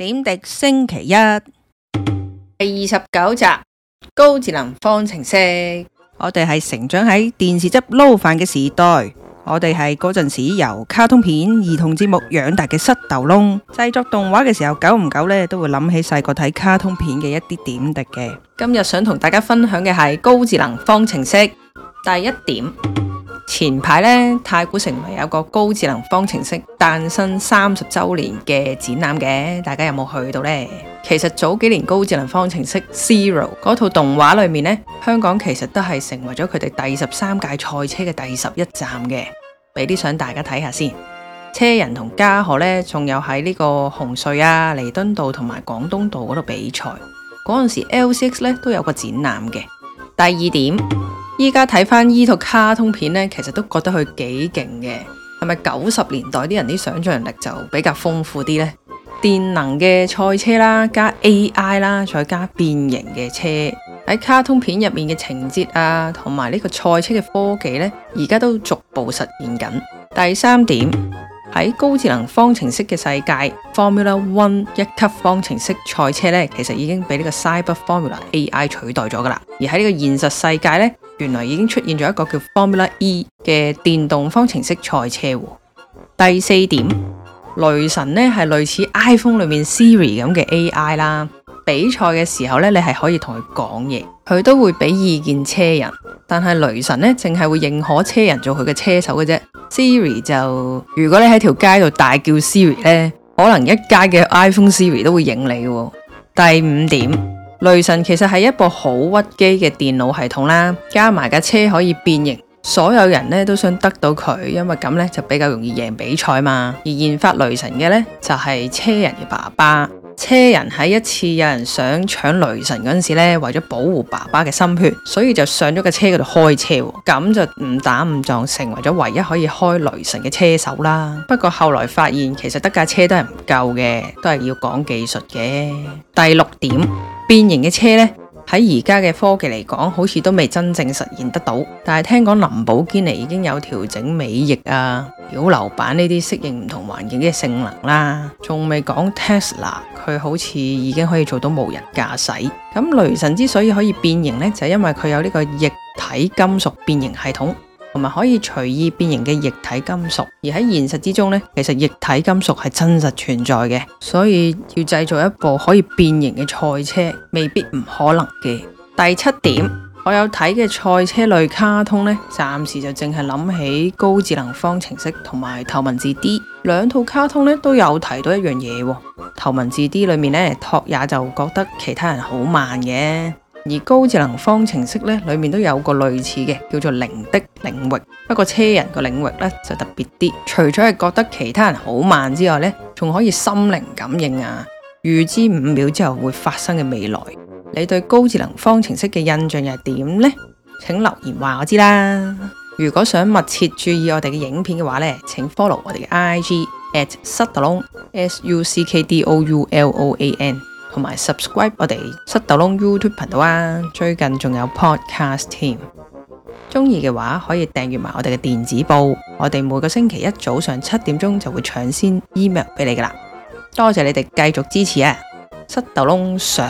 點滴星期一，第二十九集高智能方程式。我哋係成長喺電視汁撈飯嘅時代，我哋係嗰陣時由卡通片、兒童節目養大嘅膝頭窿。製作動畫嘅時候，久唔久呢都會諗起細個睇卡通片嘅一啲點滴嘅。今日想同大家分享嘅係高智能方程式，第一點。前排咧，太古城咪有個高智能方程式誕生三十周年嘅展覽嘅，大家有冇去到呢？其實早幾年高智能方程式 Zero 嗰套動畫裏面呢，香港其實都係成為咗佢哋第十三屆賽車嘅第十一站嘅。俾啲相大家睇下先，車人同嘉禾呢，仲有喺呢個紅隧啊、彌敦道同埋廣東道嗰度比賽。嗰陣時 LCX 呢都有個展覽嘅。第二點。依家睇翻依套卡通片呢，其實都覺得佢幾勁嘅，係咪九十年代啲人啲想像力就比較豐富啲呢？電能嘅賽車啦，加 AI 啦，再加變形嘅車喺卡通片入面嘅情節啊，同埋呢個賽車嘅科技呢，而家都逐步實現緊。第三點，喺高智能方程式嘅世界，Formula One 一級方程式賽車呢，其實已經俾呢個 Cyber Formula AI 取代咗噶啦，而喺呢個現實世界呢。原來已經出現咗一個叫 Formula E 嘅電動方程式賽車喎。第四點，雷神呢係類似 iPhone 裏面 Siri 咁嘅 AI 啦。比賽嘅時候呢，你係可以同佢講嘢，佢都會俾意見車人。但係雷神呢淨係會認可車人做佢嘅車手嘅啫。Siri 就如果你喺條街度大叫 Siri 呢，可能一街嘅 iPhone Siri 都會認你嘅。第五點。雷神其實係一部好屈機嘅電腦系統啦，加埋架車可以變形，所有人呢都想得到佢，因為咁呢就比較容易贏比賽嘛。而研發雷神嘅呢，就係車人嘅爸爸，車人喺一次有人想搶雷神嗰陣時呢，為咗保護爸爸嘅心血，所以就上咗架車嗰度開車，咁就誤打誤撞，成為咗唯一可以開雷神嘅車手啦。不過後來發現，其實得架車都係唔夠嘅，都係要講技術嘅。第六。點變形嘅車呢，喺而家嘅科技嚟講，好似都未真正實現得到。但係聽講林寶堅尼已經有調整尾翼啊、擾流板呢啲適應唔同環境嘅性能啦、啊，仲未講 Tesla，佢好似已經可以做到無人駕駛。咁雷神之所以可以變形呢，就係因為佢有呢個液體金屬變形系統。同埋可以隨意變形嘅液體金屬，而喺現實之中呢，其實液體金屬係真實存在嘅，所以要製造一部可以變形嘅賽車，未必唔可能嘅。第七點，我有睇嘅賽車類卡通呢，暫時就淨係諗起《高智能方程式》同埋《頭文字 D》兩套卡通都有提到一樣嘢。《頭文字 D》裏面呢，拓也就覺得其他人好慢嘅。而高智能方程式呢，裏面都有個類似嘅，叫做「零」的領域。不過車人個領域呢，就特別啲，除咗係覺得其他人好慢之外呢，仲可以心靈感應啊，預知五秒之後會發生嘅未來。你對高智能方程式嘅印象又係點呢？請留言話我知啦。如果想密切注意我哋嘅影片嘅話呢，請 follow 我哋嘅 IG at suckdouan。同埋 subscribe 我哋塞豆窿 YouTube 頻道啊，最近仲有 podcast 添，中意嘅話可以訂閱埋我哋嘅電子報，我哋每個星期一早上七點鐘就會搶先 email 俾你㗎喇，多謝你哋繼續支持啊，塞豆窿上。